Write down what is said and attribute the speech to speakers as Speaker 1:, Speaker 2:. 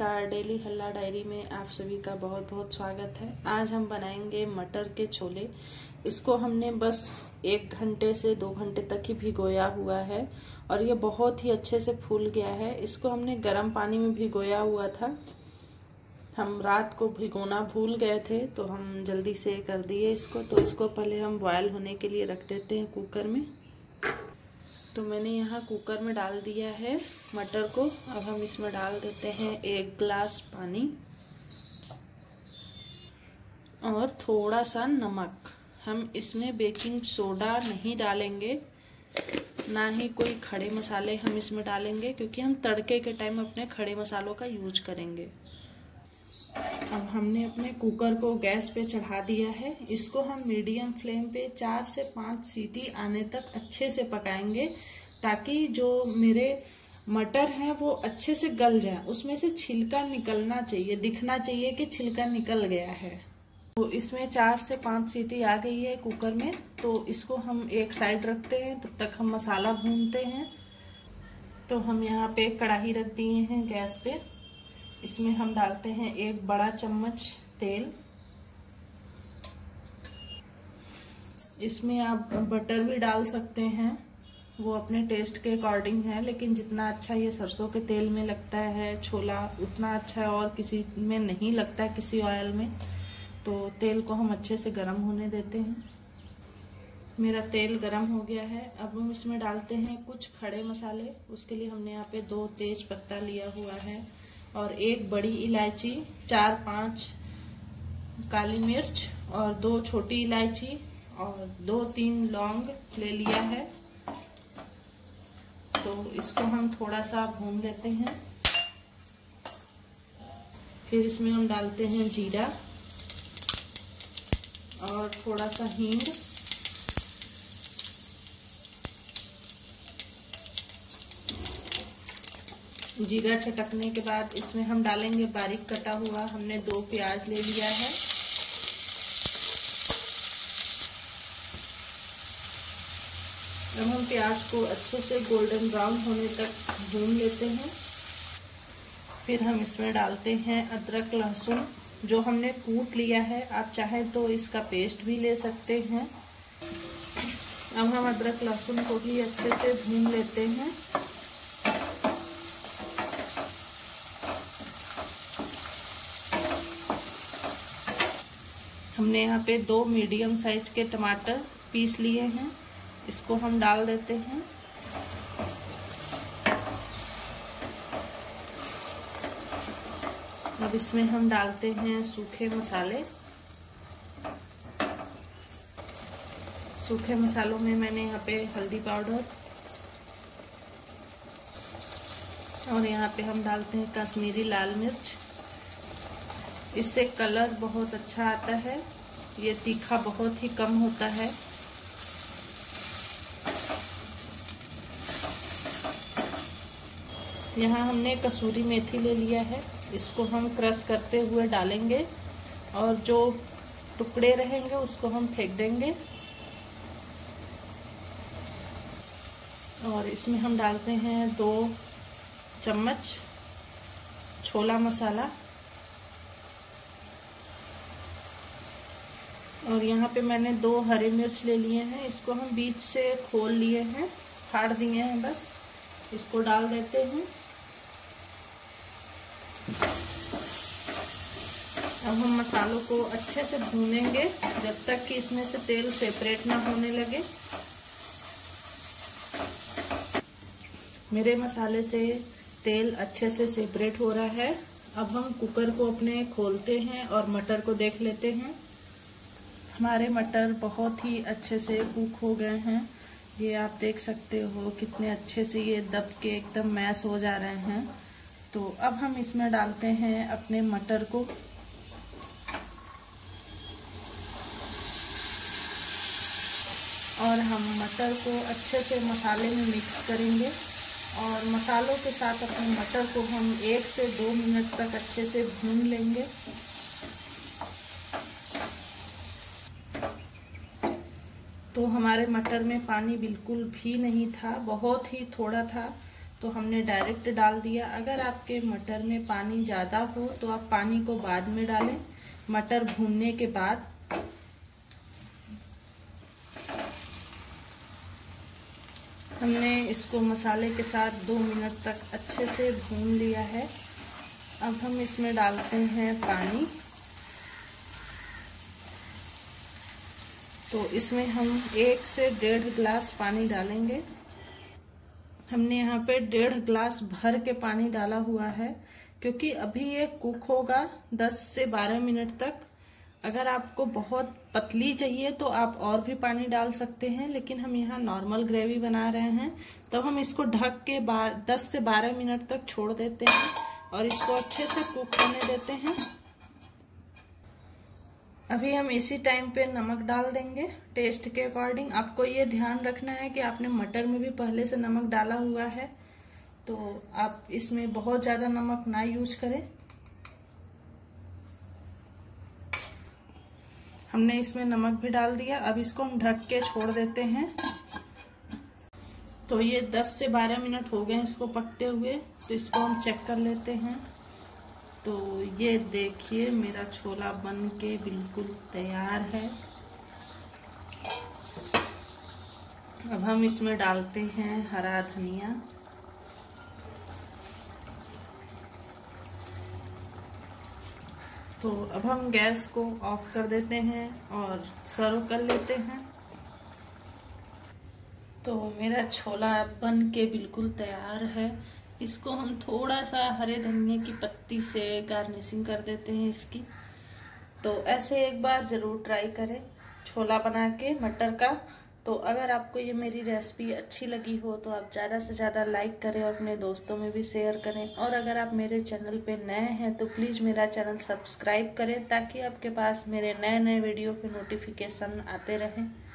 Speaker 1: नमस्कार डेली हल्ला डायरी में आप सभी का बहुत बहुत स्वागत है आज हम बनाएंगे मटर के छोले इसको हमने बस एक घंटे से दो घंटे तक ही भिगोया हुआ है और ये बहुत ही अच्छे से फूल गया है इसको हमने गर्म पानी में भिगोया हुआ था हम रात को भिगोना भूल गए थे तो हम जल्दी से कर दिए इसको तो इसको पहले हम बॉयल होने के लिए रख देते हैं कुकर में तो मैंने यहाँ कुकर में डाल दिया है मटर को अब हम इसमें डाल देते हैं एक ग्लास पानी और थोड़ा सा नमक हम इसमें बेकिंग सोडा नहीं डालेंगे ना ही कोई खड़े मसाले हम इसमें डालेंगे क्योंकि हम तड़के के टाइम अपने खड़े मसालों का यूज करेंगे अब हमने अपने कुकर को गैस पे चढ़ा दिया है इसको हम मीडियम फ्लेम पे चार से पाँच सीटी आने तक अच्छे से पकाएंगे ताकि जो मेरे मटर हैं वो अच्छे से गल जाए उसमें से छिलका निकलना चाहिए दिखना चाहिए कि छिलका निकल गया है तो इसमें चार से पाँच सीटी आ गई है कुकर में तो इसको हम एक साइड रखते हैं तब तक हम मसाला भूनते हैं तो हम यहाँ पे कढ़ाई रख दिए हैं गैस पे इसमें हम डालते हैं एक बड़ा चम्मच तेल इसमें आप बटर भी डाल सकते हैं वो अपने टेस्ट के अकॉर्डिंग है लेकिन जितना अच्छा ये सरसों के तेल में लगता है छोला उतना अच्छा और किसी में नहीं लगता है किसी ऑयल में तो तेल को हम अच्छे से गर्म होने देते हैं मेरा तेल गर्म हो गया है अब हम इसमें डालते हैं कुछ खड़े मसाले उसके लिए हमने यहाँ पे दो तेज पत्ता लिया हुआ है और एक बड़ी इलायची चार पांच काली मिर्च और दो छोटी इलायची और दो तीन लौंग ले लिया है तो इसको हम थोड़ा सा भून लेते हैं फिर इसमें हम डालते हैं जीरा और थोड़ा सा हींग जीरा चटकने के बाद इसमें हम डालेंगे बारीक कटा हुआ हमने दो प्याज ले लिया है अब हम प्याज को अच्छे से गोल्डन ब्राउन होने तक भून लेते हैं फिर हम इसमें डालते हैं अदरक लहसुन जो हमने कूट लिया है आप चाहें तो इसका पेस्ट भी ले सकते हैं अब हम अदरक लहसुन को भी अच्छे से भून लेते हैं हमने यहाँ पे दो मीडियम साइज के टमाटर पीस लिए हैं इसको हम डाल देते हैं अब इसमें हम डालते हैं सूखे मसाले सूखे मसालों में मैंने यहाँ पे हल्दी पाउडर और यहाँ पे हम डालते हैं कश्मीरी लाल मिर्च इससे कलर बहुत अच्छा आता है ये तीखा बहुत ही कम होता है यहाँ हमने कसूरी मेथी ले लिया है इसको हम क्रश करते हुए डालेंगे और जो टुकड़े रहेंगे उसको हम फेंक देंगे और इसमें हम डालते हैं दो चम्मच छोला मसाला और यहाँ पे मैंने दो हरे मिर्च ले लिए हैं इसको हम बीच से खोल लिए हैं फाड़ दिए हैं बस इसको डाल देते हैं अब हम मसालों को अच्छे से भूनेंगे जब तक कि इसमें से तेल सेपरेट ना होने लगे मेरे मसाले से तेल अच्छे से सेपरेट हो रहा है अब हम कुकर को अपने खोलते हैं और मटर को देख लेते हैं हमारे मटर बहुत ही अच्छे से कुक हो गए हैं ये आप देख सकते हो कितने अच्छे से ये दब के एकदम मैश हो जा रहे हैं तो अब हम इसमें डालते हैं अपने मटर को और हम मटर को अच्छे से मसाले में मिक्स करेंगे और मसालों के साथ अपने मटर को हम एक से दो मिनट तक अच्छे से भून लेंगे तो हमारे मटर में पानी बिल्कुल भी नहीं था बहुत ही थोड़ा था तो हमने डायरेक्ट डाल दिया अगर आपके मटर में पानी ज़्यादा हो तो आप पानी को बाद में डालें मटर भूनने के बाद हमने इसको मसाले के साथ दो मिनट तक अच्छे से भून लिया है अब हम इसमें डालते हैं पानी तो इसमें हम एक से डेढ़ ग्लास पानी डालेंगे हमने यहाँ पे डेढ़ ग्लास भर के पानी डाला हुआ है क्योंकि अभी ये कुक होगा दस से बारह मिनट तक अगर आपको बहुत पतली चाहिए तो आप और भी पानी डाल सकते हैं लेकिन हम यहाँ नॉर्मल ग्रेवी बना रहे हैं तब तो हम इसको ढक के बार दस से बारह मिनट तक छोड़ देते हैं और इसको अच्छे से कुक होने देते हैं अभी हम इसी टाइम पे नमक डाल देंगे टेस्ट के अकॉर्डिंग आपको ये ध्यान रखना है कि आपने मटर में भी पहले से नमक डाला हुआ है तो आप इसमें बहुत ज़्यादा नमक ना यूज करें हमने इसमें नमक भी डाल दिया अब इसको हम ढक के छोड़ देते हैं तो ये 10 से 12 मिनट हो गए इसको पकते हुए तो इसको हम चेक कर लेते हैं तो ये देखिए मेरा छोला बन के बिल्कुल तैयार है अब हम इसमें डालते हैं हरा धनिया तो अब हम गैस को ऑफ कर देते हैं और सर्व कर लेते हैं तो मेरा छोला बन के बिल्कुल तैयार है इसको हम थोड़ा सा हरे धनिए की पत्ती से गार्निशिंग कर देते हैं इसकी तो ऐसे एक बार ज़रूर ट्राई करें छोला बना के मटर का तो अगर आपको ये मेरी रेसिपी अच्छी लगी हो तो आप ज़्यादा से ज़्यादा लाइक करें और अपने दोस्तों में भी शेयर करें और अगर आप मेरे चैनल पे नए हैं तो प्लीज़ मेरा चैनल सब्सक्राइब करें ताकि आपके पास मेरे नए नए वीडियो के नोटिफिकेशन आते रहें